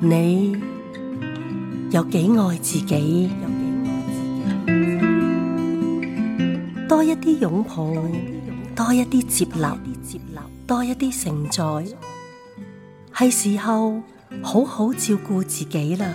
你有幾愛自己？多一啲擁抱，多一啲接納，多一啲承載，係時候好好照顧自己啦。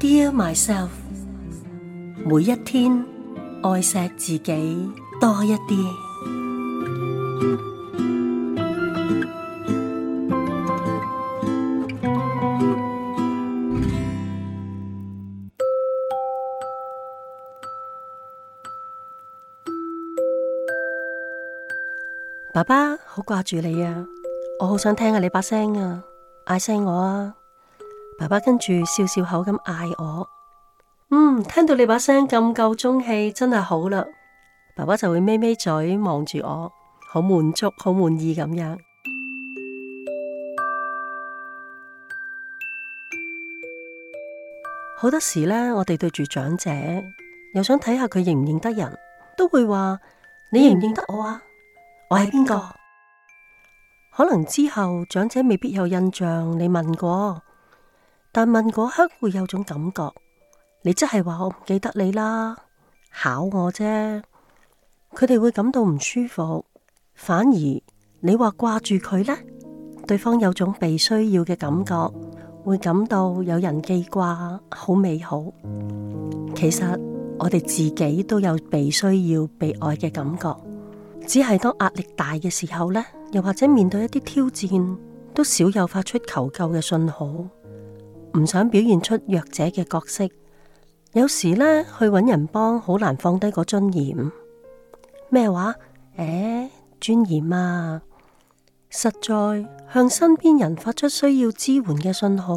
Dear myself，每一天愛錫自己多一啲。爸爸好掛住你啊！我好想聽下你把聲啊，嗌聲我啊！爸爸跟住笑笑口咁嗌我，嗯，聽到你把聲咁夠中氣，真係好嘞。爸爸就會咪咪嘴望住我。好滿足，好滿意咁樣。好多時呢，我哋對住長者又想睇下佢認唔認得人，都會話你認唔認得我啊？我係邊個？可能之後長者未必有印象你問過，但問嗰刻會有種感覺，你即係話我唔記得你啦，考我啫。佢哋會感到唔舒服。反而你話掛住佢呢，對方有種被需要嘅感覺，會感到有人記掛，好美好。其實我哋自己都有被需要、被愛嘅感覺，只係當壓力大嘅時候呢，又或者面對一啲挑戰，都少有發出求救嘅信號，唔想表現出弱者嘅角色。有時呢，去搵人幫，好難放低個尊嚴。咩話？誒。哎尊嚴啊，實在向身邊人發出需要支援嘅信號，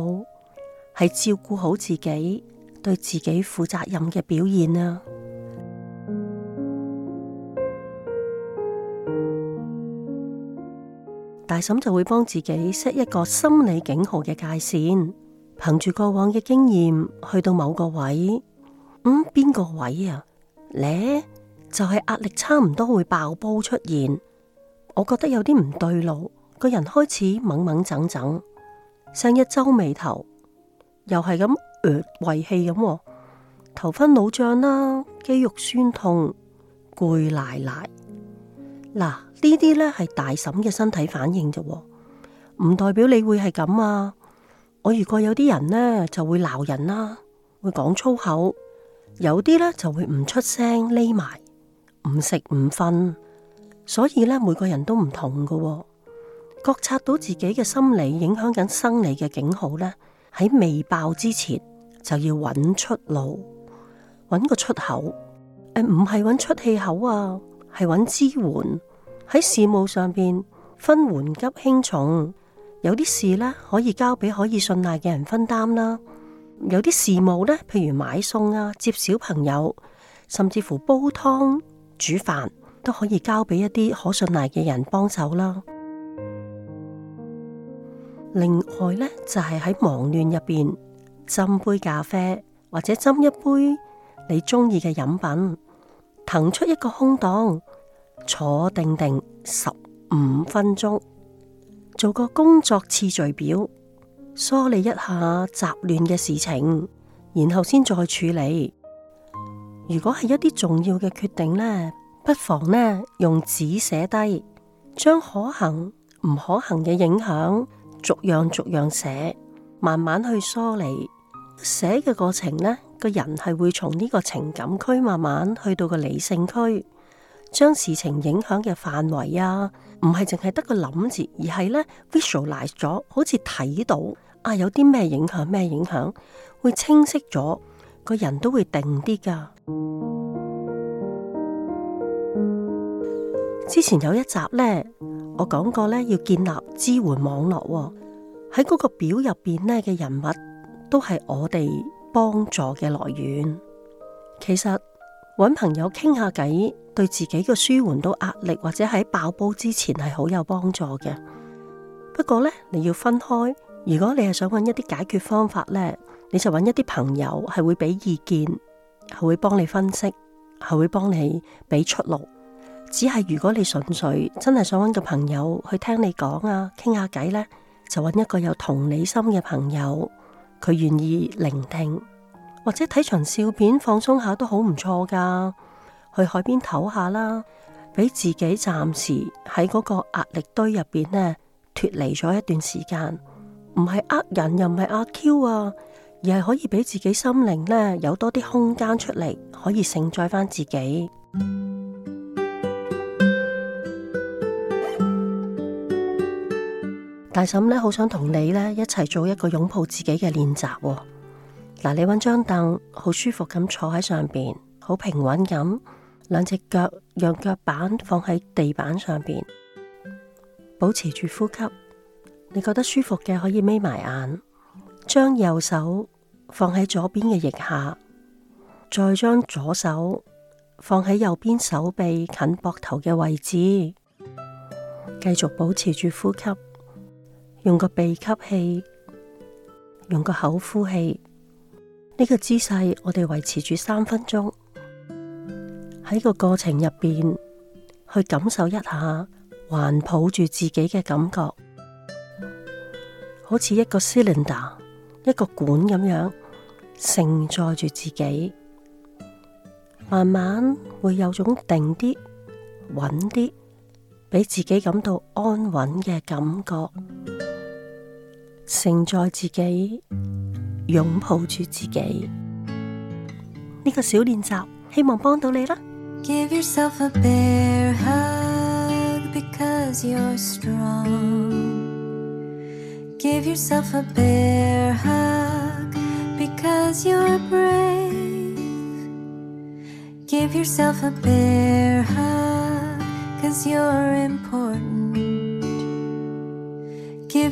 係照顧好自己、對自己負責任嘅表現啊。大沈就會幫自己 set 一個心理警號嘅界線，憑住過往嘅經驗，去到某個位，咁、嗯、邊個位啊？呢就係、是、壓力差唔多會爆煲出現。我覺得有啲唔對路，個人開始懵懵整整，成日皺眉頭，又係咁呃，胃氣咁，頭昏腦脹啦，肌肉酸痛，攰賴賴。嗱，呢啲呢係大嬸嘅身體反應啫，唔代表你會係咁啊。我如果有啲人呢，就會鬧人啦，會講粗口，有啲呢，就會唔出聲匿埋，唔食唔瞓。所以咧，每個人都唔同嘅。哦，覺察到自己嘅心理影響緊生理嘅警號咧，喺未爆之前就要揾出路，揾個出口。誒、哎，唔係揾出氣口啊，係揾支援。喺事務上邊分緩急輕重，有啲事咧可以交俾可以信賴嘅人分擔啦。有啲事務咧，譬如買餸啊、接小朋友，甚至乎煲湯、煮飯。都可以交俾一啲可信賴嘅人幫手啦。另外呢，就係喺忙亂入邊斟杯咖啡，或者斟一杯你中意嘅飲品，騰出一個空檔坐定定十五分鐘，做個工作次序表，梳理一下雜亂嘅事情，然後先再處理。如果係一啲重要嘅決定呢。不妨呢，用紙寫低，將可行唔可行嘅影響逐樣逐樣寫，慢慢去梳理。寫嘅過程呢，個人係會從呢個情感區慢慢去到個理性區，將事情影響嘅範圍啊，唔係淨係得個諗字，而係呢 visualize 咗，好似睇到啊，有啲咩影響咩影響，會清晰咗，個人都會定啲噶。之前有一集呢，我講過呢，要建立支援網絡喎、哦。喺嗰個表入邊呢嘅人物，都係我哋幫助嘅來源。其實揾朋友傾下偈，對自己嘅舒緩到壓力或者喺爆煲之前係好有幫助嘅。不過呢，你要分開。如果你係想揾一啲解決方法呢，你就揾一啲朋友係會俾意見，係會幫你分析，係會幫你俾出路。只係如果你純粹真係想搵個朋友去聽你講啊，傾下偈呢，就搵一個有同理心嘅朋友，佢願意聆聽，或者睇場笑片放鬆下都好唔錯噶。去海邊唞下啦，俾自己暫時喺嗰個壓力堆入邊呢脫離咗一段時間，唔係呃人又唔係阿 Q 啊，而係可以俾自己心靈呢有多啲空間出嚟，可以承載翻自己。大嬸咧，好想同你咧一齊做一個擁抱自己嘅練習哦。嗱，你搵張凳，好舒服咁坐喺上邊，好平穩咁，兩隻腳讓腳板放喺地板上邊，保持住呼吸。你覺得舒服嘅，可以眯埋眼，將右手放喺左邊嘅腋下，再將左手放喺右邊手臂近膊頭嘅位置，繼續保持住呼吸。用個鼻吸氣，用個口呼氣。呢、這個姿勢，我哋維持住三分鐘。喺個過程入邊，去感受一下，環抱住自己嘅感覺，好似一個 cylinder，一個管咁樣承載住自己。慢慢會有種定啲、穩啲，俾自己感到安穩嘅感覺。承載自己，擁抱住自己，呢個小練習希望幫到你啦。Give yourself a bear hug, because you're strong. Give yourself a bear hug, because you're brave. Give yourself a bear hug, 'cause you're important.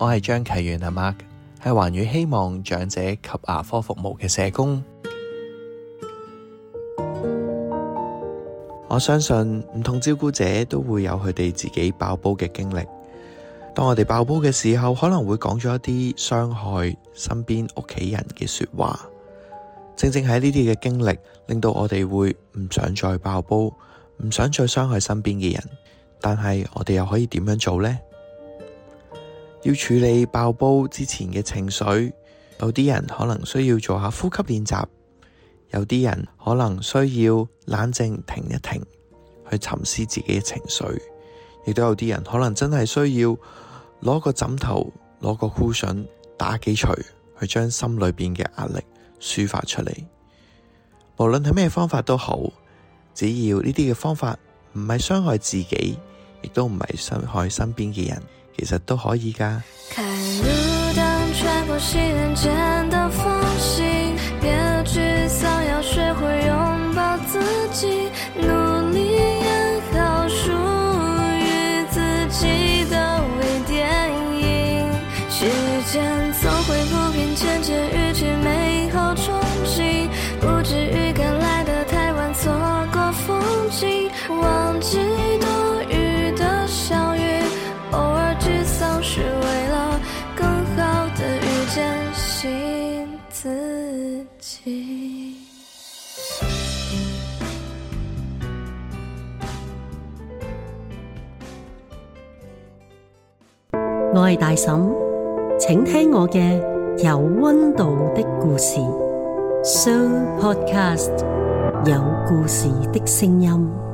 我係張啟源阿 Mark，係寰宇希望長者及牙科服務嘅社工。 我相信唔同照顧者都會有佢哋自己爆煲嘅經歷。當我哋爆煲嘅時候，可能會講咗一啲傷害身邊屋企人嘅說話。正正喺呢啲嘅經歷，令到我哋會唔想再爆煲，唔想再傷害身邊嘅人。但係我哋又可以點樣做呢？要處理爆煲之前嘅情緒，有啲人可能需要做下呼吸練習，有啲人可能需要冷靜停一停，去沉思自己嘅情緒，亦都有啲人可能真係需要攞個枕頭、攞個 cushion 打幾錘，去將心裏邊嘅壓力抒發出嚟。無論係咩方法都好，只要呢啲嘅方法唔係傷害自己，亦都唔係傷害身邊嘅人。其實都可以噶。 我係大沈，請聽我嘅有溫度的故事，Sooo Podcast 有故事的聲音。